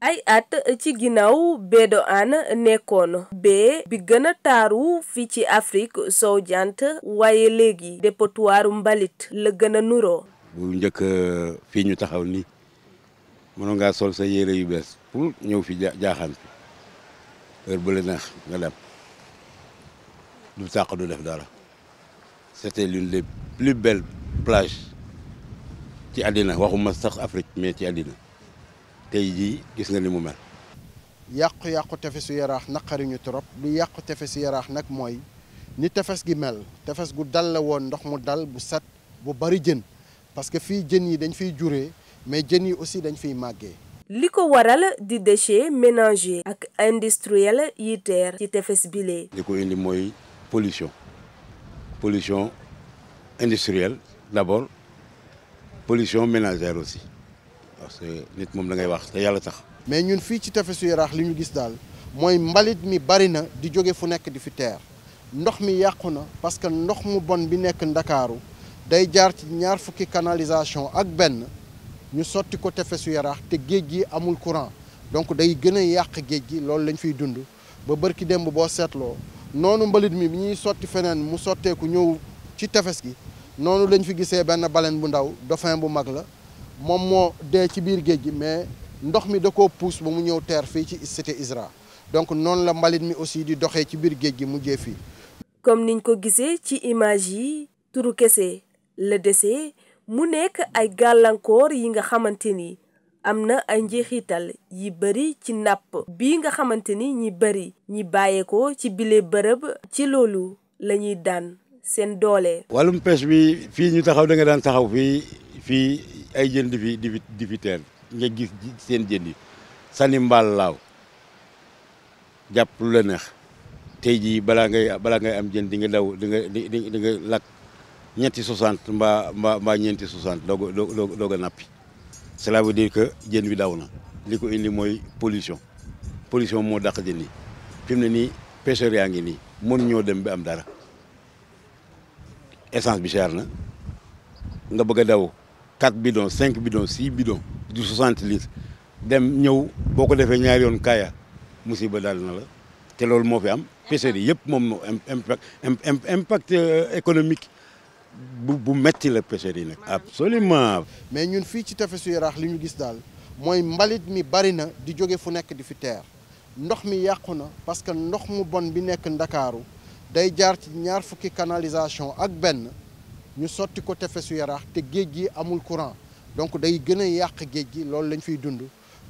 ay at ci ginnaaw Bédouane nekkoon bee bi gëna taaru fi ci afrik sowu jant waaye léegi dépotoiru mbalit la gëna a nuroo bu njëkk euh, fii ñu taxaw nii mënoon ngaa sol sa yére yu bees pour ñëw fi jaaxaan fi heure bu la neex nga dem du sàq du def dara c'était l'une des plus belles plages ci àddina waxuma sax Afrique mais ci àddina tey ji gis nga ni mu mel yàqu-yàqu tefesu yaraax naqariñu trop lu yàqu tefesu yaraax nag mooy ni tefes gi mel tefes gu dal la woon ndox mu dal bu set bu bari jën parce que fii jën yi dañ fiy juree mais jën yi aussi dañ fiy màggee. li ko waral di déchets ménagers ak industriel yi teer ci tefes bile. li ko indi mooy pollution pollution industrielle d'abord pollution ménagère aussi parce que nit moom da ngay wax te yàlla tax. mais ñun fii ci tefesu Yaraax li ñu gis daal mooy mbalit mi bari na di jóge fu nekk di fi teer ndox mi yàqu na parce que ndox mu bon bi nekk Ndakaaru. day jaar ci ñaar fukki canalisation ak benn ñu sotti ko tefesu yaraax te géej gi amul courant donc day gën a yàq géej gi loolu lañ fiy dund ba bërki démb boo seetloo noonu mbalit mi bi ñuy sotti feneen mu sotteeku ñëw ci tefes gi noonu lañ fi gisee benn baleine bu ndaw dauphin bu mag la moom moo dee ci biir géej gi mais ndox mi da ko puus ba mu ñëw teer fii ci cité ISRA donc noonu la mbalit mi aussi di doxee ci biir géej gi mujjee fii. comme niñ ko gisee kese. la dese mu nekk ay gàllankoor yi nga xamante ni am na ay njeexital yi bari ci nàpp bi nga xamante ni ñi bëri ñi bàyyeekoo ci bile bërëb ci loolu lañuy daan seen doole. wàllum pêche bi fii ñu taxaw danga daan taxaw fii fii ay jën di fi di fi di nga gis seen jën yi sani mbaal laaw jàpp lu la neex tey jii balaa ngay ngay am jën di nga daw di nga lakk. ñetti 60 mbaa mbaa mbaa ñeenti 60 doog doog a nappi cela veu dire que jën bi daw na li ko indi mooy pollution polition moo dàq jën yi fi ne nii pêcheurs yaa ngi nii mën ñoo dem bi am dara essence bi cher na nga bëgg a daw 4 bidons 5 bidons 6 bidons du 60 litres dem ñëw boo ko defee ñaari yoon kaaya musiba daal na la te loolu moo fi am pêcheurs yi yëpp moom moo impact impact euh, économique bu bu metti la pêcheurs yi nag. absolument mais ñun fii ci tefesu Yaraax li ñu gis daal mooy mbalit mi bari na di jóge fu nekk di fi teer ndox mi yàqu na parce que ndox mu bon bi nekk ndakaaru day jaar ci ñaar fukki canalisation ak benn ñu sotti ko tefesu Yaraax te géej gi amul courant donc day gën a yàq géej gi loolu lañ fiy dund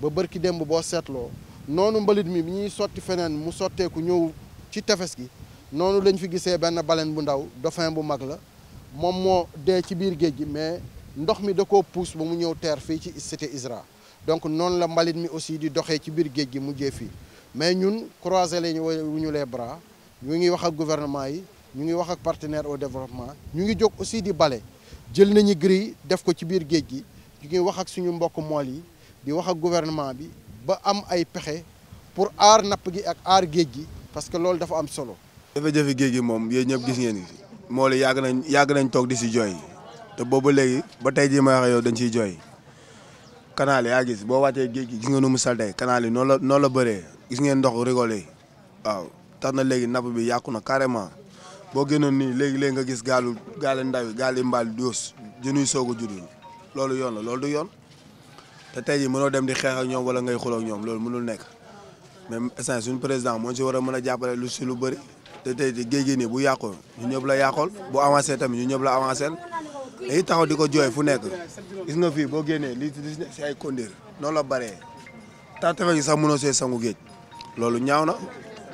ba bërki démb boo seetloo noonu mbalit mi bi ñuy sotti feneen mu sotteeku ñëw ci tefes gi noonu lañ fi gisee benn baleine bu ndaw dauphin bu mag la moom moo dee ci biir géej gi mais ndox mi da ko pousse ba mu ñëw teer fii ci cité ISRA donc noonu la mbalit mi aussi di doxee ci biir géej gi mujjee fii mais ñun croiser lañu wu ñu les bras ñu ngi wax ak guvernement yi ñu ngi wax ak partenaire au développement ñu ngi jóg aussi di bale jël nañu gris def ko ci biir géej gi ñu ngi wax ak suñu mbokk mool yi di wax ak gouvernement bi ba am ay pexe pour aar napp gi ak aar géej gi parce que loolu dafa am solo. jafe-jafe géej gi moom yéen ñëpp gis ngeen moolu yàgg nañ yàgg nañ toog di si jooy te boobu léegi ba tey jii may wax yow dañ siy jooy canal yaa gis boo wàccee géej gi gis nga nu mu salte canal yi noonu la noonu la bëree gis ngeen ndox rigole yi waaw tax na léegi napp bi yàqu na carrément boo génnoon nii léegi-léegi nga gis gaal gaali ndaw yi gaali mbaal doos jënuy soog a judd loolu yoon la loolu du yoon te tey jii mënoo dem di xeex ak ñoom wala ngay xuloo ak ñoom loolu mënul nekk même instant suñu président moo ci war a mën a jàppale lu si lu bëri te tey géej gi nii bu yàqoo ñu ñëpp la yàqool bu avancé tamit ñu ñëpp la avancé dañuy taxaw di ko jooy fu nekk gis nga fii boo génnee li li si ay kondir noonu la bëree tax gi sax mënoo see sangu géej loolu ñaaw na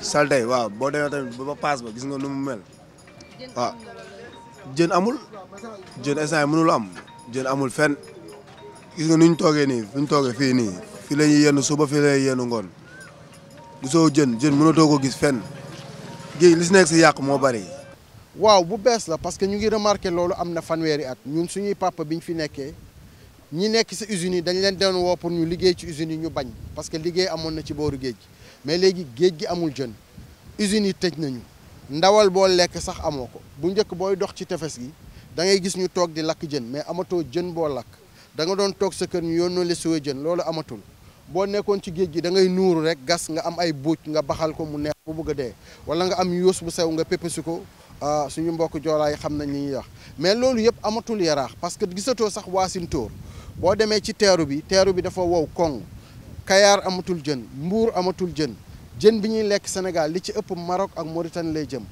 salte waaw boo demee tamit ba paas ba gis nga nu mu mel waaw jën amul jën instant yi mënul am jën amul fen gis nga nu ñu toogee nii fu ñu toogee fii nii fii la ñuy suba fii la ñuy yenn ngoon gisoo jën jën mënatoo ko gis fenn géej li si nekk si yàq moo bari. waaw bu bees la parce que ñu ngi remarqué loolu am na fanweeri at ñun suñuy papa bi ñu fi nekkee ñi nekk si usines yi dañ leen doon woo pour ñu liggéey ci usines yi ñu bañ parce que liggéey amoon na ci booru géej mais léegi géej gi amul jën usines yi tëj nañu ndawal boo lekk sax amoo ko bu njëkk booy dox ci tefes gi da ngay gis ñu toog di lakk jën mais amatoo jën boo lakk danga nga doon toog sa kër ñu yónnoo le jën loolu amatul boo nekkoon ci géej gi dangay ngay nuuru rek gas nga am ay buuj nga baxal ko mu neex bu bëgg dee wala nga am yoos bu sew nga pépési ko ah, suñu mbokk joolaay xam nañ li ñuy wax mais loolu yëpp amatul yaraax parce que gisatoo sax waasintóor boo demee ci teeru bi teeru bi dafa wow koŋ kayaar amatul jën mbuur amatul jën jën bi ñuy lekk Sénégal li ci ëpp Maroc ak Mauritanie lay jëm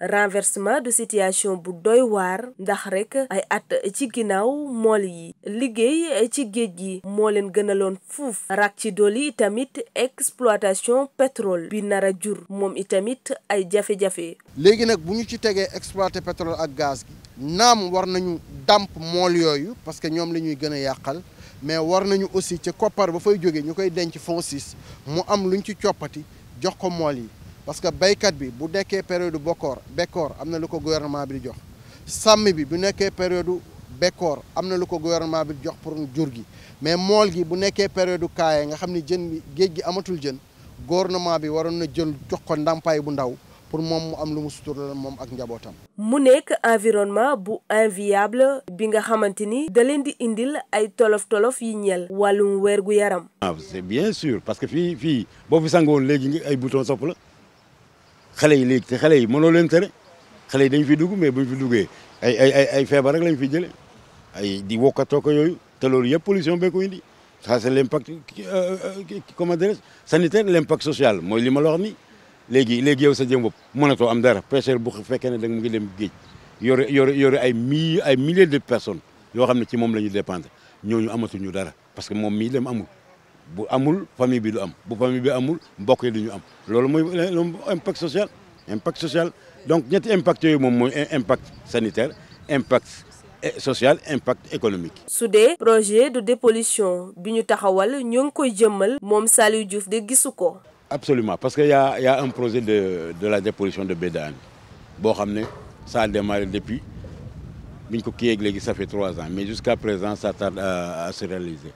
renversement de situation bu doy waar ndax rek ay at ci ginnaaw mool yi liggéey ci géej gi moo leen gënaloon fuuf rak ci dolli tamit exploitation pétrole bi nara a jur moom itamit ay jafe-jafe. léegi nag bu ñu ci tegee exploité pétrole ak gaz gi naam war nañu dàmp mool yooyu parce que ñoom la ñuy gën a yàqal. mais war nañu aussi ca koppar ba fay jóge ñu koy denc fonds six mu am lu luñ ci coppati jox ko mool yi parce que béykat bi bu nekkee période bokkoor bekkoor am na lu ko gouvernement bi di jox sàmm bi bu nekkee période bekkoor am na lu ko gouvernement bi di jox pour jur gi mais mool gi bu nekkee période kaayee nga xam ni jën géej gi amatul jën gouvernement bi waroon na jën jox ko ndàmpaay bu ndaw pour moom mu am lu mu suturla moom ak njabootam. mu nekk environnement bu inviable bi nga xamante ni da leen di indil ay tolof tolof yi ñeel wàllum wér gu yaram. ah c'est bien sûr parce que fii fii boo fi sangoon léegi ay bouton sopp la. xale yi léegi te xale yi mënoo leen tere xale yi dañu fi dugg mais buñ fi duggee ay ay ay feebar rek lañ fi jëlee ay di wokkatoo ko yooyu te loolu yëpp pollution bee ko indi ça c'est l'impact euh, euh, comment dirais sanitaire l'impact social mooy li ma la wax ni léegi léegi yow sa jëm bopp mënatoo am dara pêcheur bu fekkee ne da mu ngi dem géej yore yore yore ay mi ay milliers de personnes yoo xam ne ci moom la ñu dépendre ñooñu amatuñu dara parce que moom mii dem amul bu amul famille bi du am bu famille bi amul mbokk yi du ñu am loolu mooy impact social impact social donc ñetti impact yooyu moom mooy impact sanitaire impact e, social impact économique. su dee projet de dépollution bi ñu taxawal ñoo ngi koy jëmmal moom Saliou Diouf de gisu ko. absolument parce que y' a y' a un projet de de la dépollution de Bédane boo xam ne ça a démarré depuis bi ñu ko kii yeeg léegi ça fait trois ans mais jusqu'à présent ça tarde à, à se réaliser.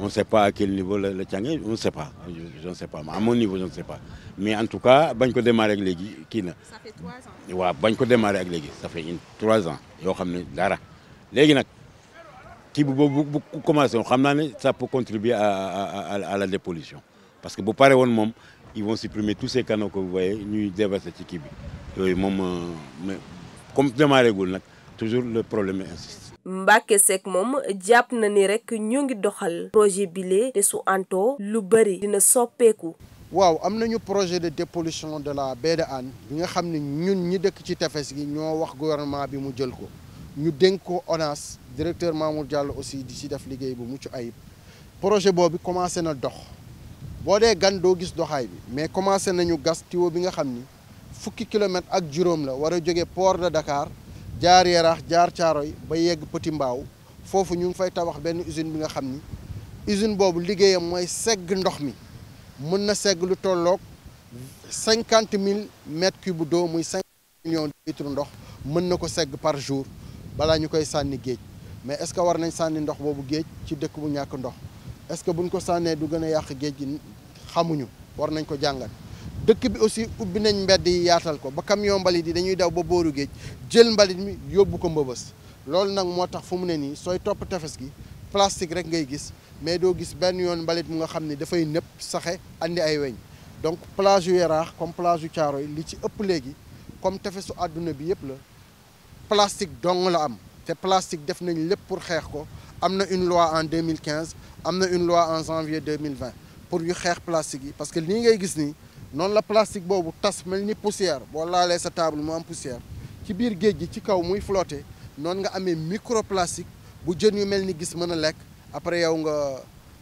On ne pas à quel niveau le, le Tiangué, on ne sait pas. Je À mon niveau, je ne sais pas. Mais en tout cas, bañ ko démarrer ak léegi kii na. Ça bañ ko démarrer ak léegi ça fait une trois ans yoo xam ne dara léegi nag kii bu boobu commencé woon xam naa ne ça peut contribuer à à, à, la dépollution parce que bu paree woon moom ils vont supprimer tous ces canaux que vous voyez ñuy déverser ci kii bi yooyu moom euh, comme démarrer gul nag toujours le problème insiste. Mbacké Seck moom jàpp na ni rek ñu ngi doxal projet bile te su anto lu bëri dina soppeeku. waaw am nañu projet de dépollution de la baie de bi nga xam ne ñun ñi dëkk ci tefes gi ñoo wax gouvernement bi mu jël ko ñu dénk ko ONAS directeur Mamour Diallo aussi di ci def liggéey bu mucc ayib projet boobu commencé na dox boo dee gan doo gis doxaay bi mais commencé nañu gas tuyau bi nga xam ni fukki kilomètre ak juróom la war a jóge port de Dakar jaar yaraax jaar caaro yi ba yegg Petit Mbaaw foofu ñu ngi fay tabax benn usine bi nga xam ni usine boobu liggéeyam mooy segg ndox mi mën na segg lu tolloog cinquante mille mètres cubes d'eau muy cinq millions de ndox mën na ko segg par jour balaa ñu koy sànni géej mais est-ce que war nañ sànni ndox boobu géej ci dëkk bu ñàkk ndox est-ce que buñ ko sànnee du gën a yàq géej gi xamuñu war nañ ko jàngat dëkk bi aussi ubbi nañ mbedd yi yaatal ko ba camion mbalit yi dañuy daw ba booru géej jël mbalit mi yóbbu ko mbëbës loolu nag moo tax fu mu ne nii sooy topp tefes gi plastique rek ngay gis mais doo gis benn yoon mbalit mu nga xam ne dafay nëpp saxe andi ay weñ donc plage yu Yaraax comme plage yu Caaroy li ci ëpp léegi comme tefesu àdduna bi yëpp la plastique dong la am te plastique def nañ lépp pour xeex ko am na une loi en 2015 am na une loi en janvier 2020 pour yu xeex yi parce que lii ngay gis nii noonu la plastique boobu tas mel ni poussière boo laalee sa table mu am poussière ci biir géej gi ci kaw muy flotter noonu nga amee microplastique bu jën yu mel ni gis mën a lekk après yow nga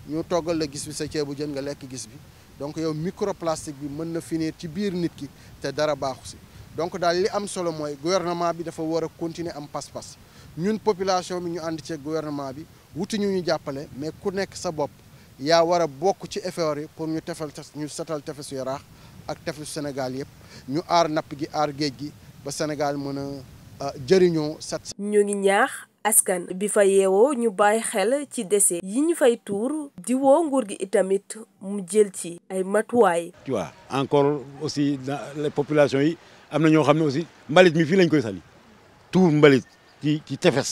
ñu toggal la gis bi sa ceebu jën nga lekk gis bi donc yow microplastique bi mën na finir ci biir nit ki te dara baaxu si donc daal li am solo mooy gouvernement bi dafa war a continuer am pas-pas ñun population bi ñu ànd ci gouvernement bi wuti ñu ñu jàppale mais ku nekk sa bopp yaa war a bokk ci effort yi pour ñu tefal ñu setal tefesu Yaraax ak teflu senegal yëpp ñu aar napp gi aar géej gi ba senegal mën a jëriñoo set ñu ngi ñaax askan bi fa yeewoo ñu bàyyi xel ci dese yi ñu fay tuur di woo nguur gi itamit mu jël ci ay matuwaay tu encore aussi dans les populations yi am na ñoo xam ne aussi mbalit mi fii lañ koy sali tuur mbalit ci ci tefes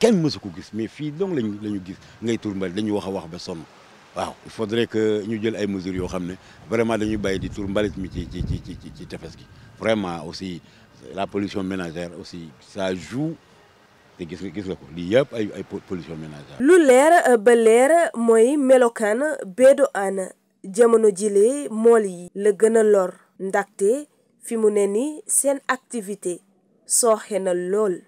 kenn mësu ko gis mais fii donc lañ la ñu gis ngay tuur mbalit dañu wax a wax ba sonn waaw il faudrait que ñu jël ay mesures yoo xam ne vraiment dañuy bàyyi di tur mbalit mi ci ci ci ci ci tefes gi vraiment aussi la pollution ménagère aussi ça joue te gis nga gis nga ko lii yëpp ay ay pollution ménagère. lu leer ba leer mooy melokaan beedo aan jamono jile mool yi. la gën a lor ndaxte fi mu ne ni seen activité sooxe na lool.